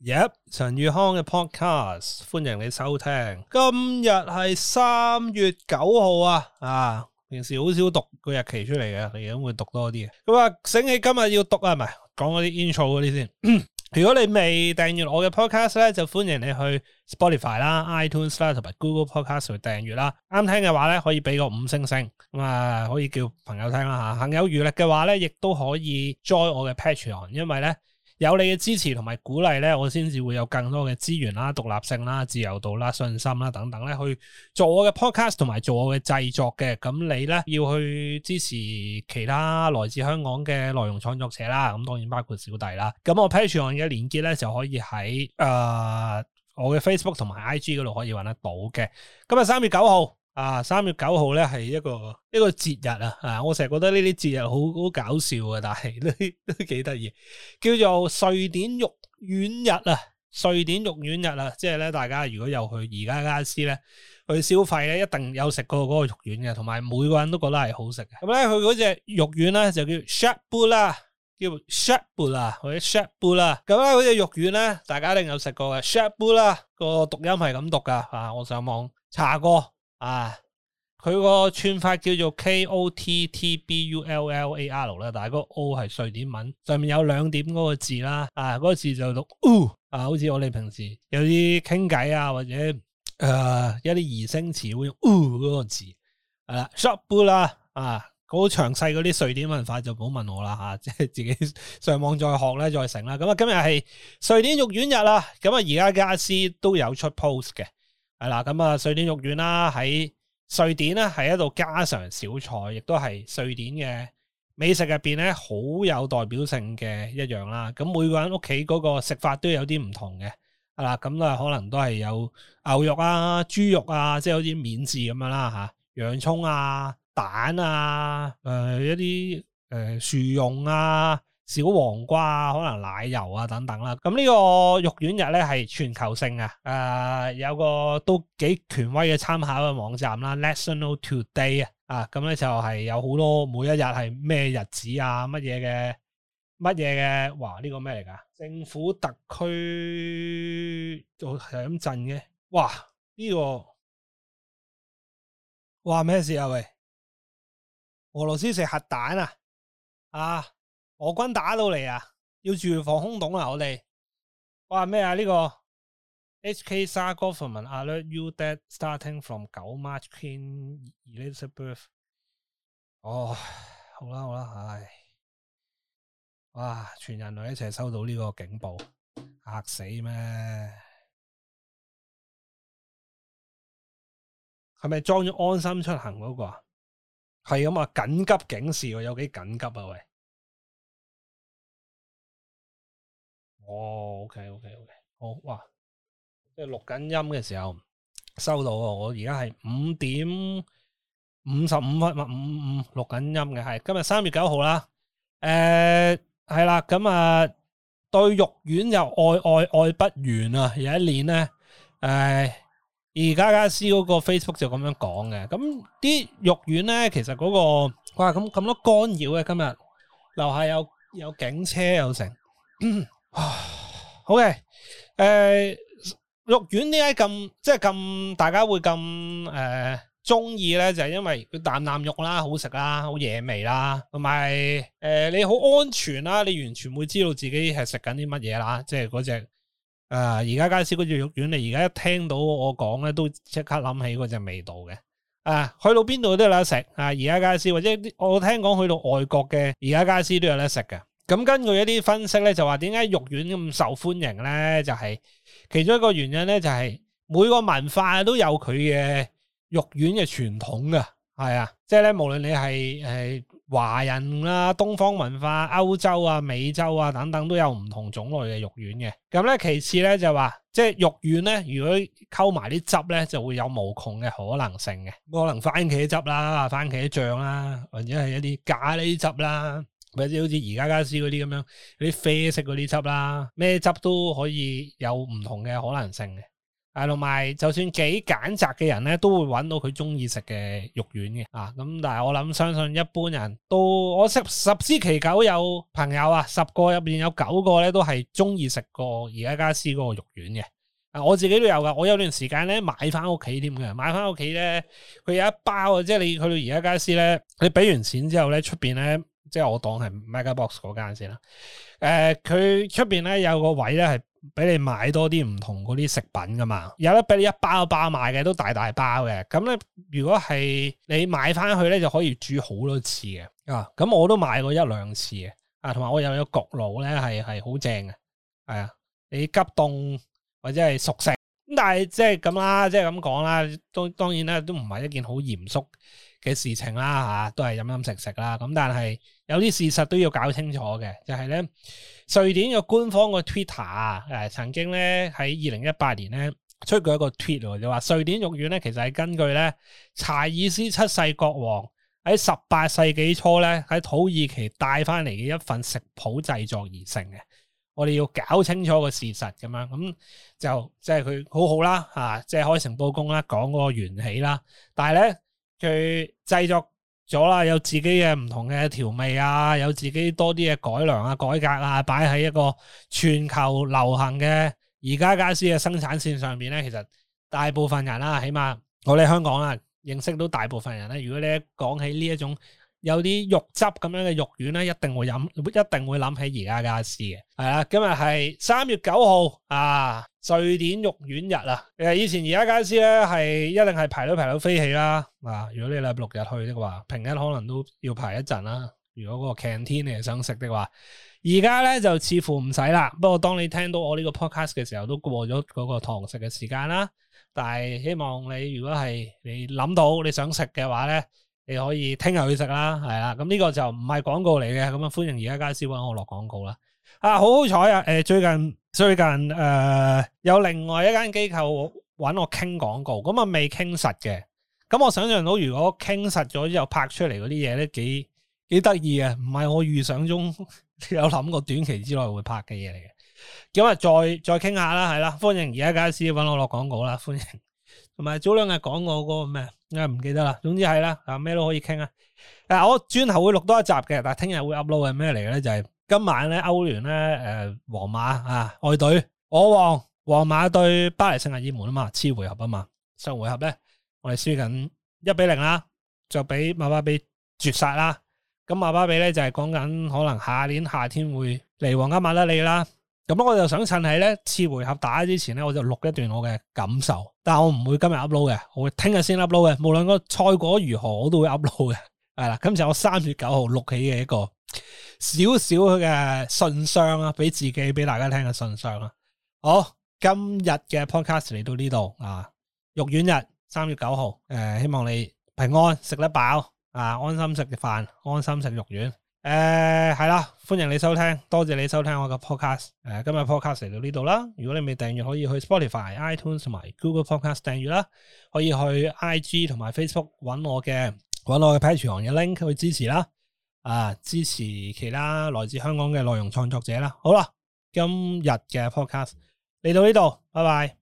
Yep，陳宇康嘅 podcast，歡迎你收聽。今日係三月九號啊。啊，平時好少讀個日期出嚟嘅，嚟緊會讀多啲咁啊，醒起今日要讀啊，唔係講嗰啲 intro 嗰啲先，先。 如果你未訂閱我嘅 podcast 咧，就歡迎你去 Spotify 啦、iTunes 啦，同埋 Google Podcast 去訂閱啦。啱聽嘅話咧，可以俾個五星星。咁、呃、啊，可以叫朋友聽啦。吓，行有餘力嘅話咧，亦都可以 join 我嘅 Patreon 因為咧，有你嘅支持同埋鼓勵咧，我先至會有更多嘅資源啦、獨立性啦、自由度啦、信心啦等等咧，去做我嘅 podcast 同埋做我嘅製作嘅。咁你咧要去支持其他來自香港嘅內容創作者啦。咁當然包括小弟啦。咁我 Patreon 嘅鏈接咧就可以喺誒、呃、我嘅 Facebook 同埋 IG 嗰度可以揾得到嘅。今日三月九號。啊，三月九號咧係一個一個節日啊！啊，我成日覺得呢啲節日好好搞笑啊，但係都都幾得意，叫做瑞典肉丸日啊！瑞典肉丸日啊！即係咧，大家如果又去宜家家私咧去消費咧，一定有食過嗰個肉丸嘅，同埋每個人都覺得係好食嘅。咁咧，佢嗰隻肉丸咧就叫 shabu 啦，叫 shabu 啊，或者 shabu 啊。咁咧，嗰隻肉丸咧，大家一定有食過嘅 shabu 啦，個讀音係咁讀噶。啊，我上網查過。啊！佢個串法叫做 K O T T B U L L A R 啦，L, 但係個 O 係瑞典文，上面有兩點嗰個字啦。啊，嗰個字就讀 O 啊，好似我哋平時有啲傾偈啊，或者誒一啲擬聲詞會用 O 嗰個字係啦。shop 啦，啊，好詳細嗰啲瑞典文化就唔好問我啦吓，即係自己上網再學咧，再成啦。咁啊，今日係瑞典肉丸日啦，咁啊，而家家私都有出 post 嘅。係啦，咁啊、嗯，瑞典肉丸啦，喺瑞典咧係一道家常小菜，亦都係瑞典嘅美食入邊咧好有代表性嘅一樣啦。咁每個人屋企嗰個食法都有啲唔同嘅，係、嗯、啦，咁、嗯、啊可能都係有牛肉啊、豬肉啊，即、就、係、是、好似免治咁樣啦吓，洋蔥啊、蛋啊、誒、呃、一啲誒薯蓉啊。小黃瓜啊，可能奶油啊，等等啦。咁、嗯、呢、這個肉丸日咧係全球性啊，誒、呃，有個都幾權威嘅參考嘅網站啦 ，National Today 啊。啊，咁、嗯、咧就係、是、有好多每一日係咩日子啊，乜嘢嘅乜嘢嘅。哇，呢、這個咩嚟㗎？政府特區就係咁震嘅。哇，呢、這個哇咩事啊？喂，俄羅斯食核彈啊？啊！俄軍打到嚟啊！要住防空洞啊。我哋哇咩啊？呢個 HKSAR Government alert you dead starting from 9 March Queen Elizabeth 哦，好啦好啦，唉哇！全人類一齊收到呢個警報，嚇死咩？係咪裝咗安心出行嗰、那個啊？係咁啊！緊急警示喎，有幾緊急啊？喂！哦，OK，OK，OK，、okay, okay, okay. 好哇！即係錄緊音嘅時候收到啊！我而家係五點五十五分嘛，五五錄緊音嘅係今日三月九號啦。誒、呃，係啦，咁啊，對肉丸又愛愛愛不完啊！有一年咧，誒、呃，而家家私嗰個 Facebook 就咁樣講嘅。咁啲肉丸咧，其實嗰、嗰個哇咁咁多干擾嘅今日樓下有有警車有成。 好嘅，誒、okay，呃，肉丸點解咁？即係咁，大家會咁誒中意咧，就係、是、因為佢啖啖肉啦，好食啦，好惹味啦，同埋誒，你好安全啦，你完全會知道自己係食緊啲乜嘢啦。即係嗰隻誒，而、呃、家街市嗰隻肉丸，你而家一聽到我講咧，都即刻諗起嗰隻味道嘅。啊、呃，去到邊度都有得食啊！而、呃、家街市或者我聽講去到外國嘅而家街市都有得食嘅。咁根據一啲分析咧，就話點解肉丸咁受歡迎咧？就係其中一個原因咧，就係每個文化都有佢嘅肉丸嘅傳統㗎，係啊，即係咧，無論你係誒華人啦、東方文化、歐洲啊、美洲啊等等，都有唔同種類嘅肉丸嘅。咁咧，其次咧就話，即係肉丸咧，如果溝埋啲汁咧，就會有無窮嘅可能性嘅，可能番茄汁啦、番茄醬啦，或者係一啲咖喱汁啦。好似宜家家私嗰啲咁樣，嗰啲啡色嗰啲汁啦，咩汁都可以有唔同嘅可能性嘅。啊，同埋就算幾揀擇嘅人咧，都會揾到佢中意食嘅肉丸嘅。啊，咁但係我諗相信一般人，都，我十十之其九有朋友啊，十個入面有九個咧，都係中意食過宜家家私嗰個肉丸嘅。啊，我自己都有噶，我有段時間咧買翻屋企添嘅，買翻屋企咧佢有一包啊，即係你去到宜家家私咧，你俾完錢之後咧，出邊咧。即係我當係 Mega Box 嗰間先啦，誒、呃，佢出邊咧有個位咧係俾你買多啲唔同啲食品噶嘛，有得俾你一包一包買嘅，都大大包嘅。咁咧，如果係你買翻去咧，就可以煮好多次嘅。啊，咁我都買過一兩次嘅，啊，同埋我有個焗爐咧，係係好正嘅，係啊，你急凍或者係熟食。咁但係即係咁啦，即係咁講啦。當當然咧，都唔係一件好嚴肅嘅事情啦，吓都係飲飲食食啦。咁但係有啲事實都要搞清楚嘅，就係咧，瑞典嘅官方嘅 Twitter 誒，曾經咧喺二零一八年咧，出過一個 tweet，就話瑞典肉丸咧，其實係根據咧查爾斯七世國王喺十八世紀初咧喺土耳其帶翻嚟嘅一份食譜製作而成嘅。我哋要搞清楚個事實咁樣，咁就即係佢好好啦，嚇，即係、啊、開誠佈公啦，講嗰個緣起啦。但係咧，佢製作咗啦，有自己嘅唔同嘅調味啊，有自己多啲嘅改良啊、改革啊，擺喺一個全球流行嘅宜家家私嘅生產線上邊咧。其實大部分人啦，起碼我哋香港啦，認識到大部分人咧。如果你講起呢一種，有啲肉汁咁樣嘅肉丸咧，一定會飲，一定會諗起而家家私嘅。係啊，今日係三月九號啊，瑞典肉丸日啊。誒，以前而家家私咧係一定係排到排到飛起啦。嗱、啊，如果你禮拜六日去的話，平日可能都要排一陣啦。如果個 canteen 你係想食的話，而家咧就似乎唔使啦。不過當你聽到我呢個 podcast 嘅時候，都過咗嗰個堂食嘅時間啦。但係希望你如果係你諗到你想食嘅話咧。你可以聽日去食啦，係啦，咁、這、呢個就唔係廣告嚟嘅，咁啊歡迎而家家私揾我落廣告啦。啊，好好彩啊！誒、呃，最近最近誒、呃，有另外一間機構揾我傾廣告，咁啊未傾實嘅，咁、嗯、我想象到如果傾實咗之後拍出嚟嗰啲嘢咧幾幾得意嘅，唔係我預想中有諗過短期之內會拍嘅嘢嚟嘅。今、嗯、日再再傾下啦，係啦，歡迎而家家私揾我落廣告啦，歡迎。同埋早兩日講過嗰個咩，啊唔記得啦，總之係啦，啊，啊咩都可以傾啊。嗱，啊，我轉頭會錄多一集嘅，但係聽日會 upload 係咩嚟嘅咧？就係、是、今晚咧，歐聯咧，誒，呃，皇馬啊，外隊，我皇皇馬對巴黎聖日耳門啊嘛，次回合啊嘛，上回合咧，我哋輸緊一比零啦，就俾馬巴比絕殺啦。咁馬巴比咧就係講緊可能下年夏天會嚟皇家馬德里啦。咁我就想趁喺咧次回合打之前咧，我就錄一段我嘅感受。但係我唔會今日 upload 嘅，我會聽日先 upload 嘅。無論個賽果如何，我都會 upload 嘅。係啦，今次係我三月九號錄起嘅一個少少嘅信箱啊，俾自己，俾大家聽嘅信箱啊。好，今日嘅 podcast 嚟到呢度啊，肉丸日三月九號，誒、呃，希望你平安食得飽啊，安心食嘅飯，安心食肉丸。誒，係、呃、啦，歡迎你收聽，多謝你收聽我嘅 podcast。誒、呃，今日 podcast 嚟到呢度啦，如果你未訂閱，可以去 Spotify、iTunes 同埋 Google Podcast 訂閱啦。可以去 IG 同埋 Facebook 揾我嘅，揾我嘅 Patreon 嘅 link 去支持啦。啊，支持其他來自香港嘅內容創作者啦。好啦，今日嘅 podcast 嚟到呢度，拜拜。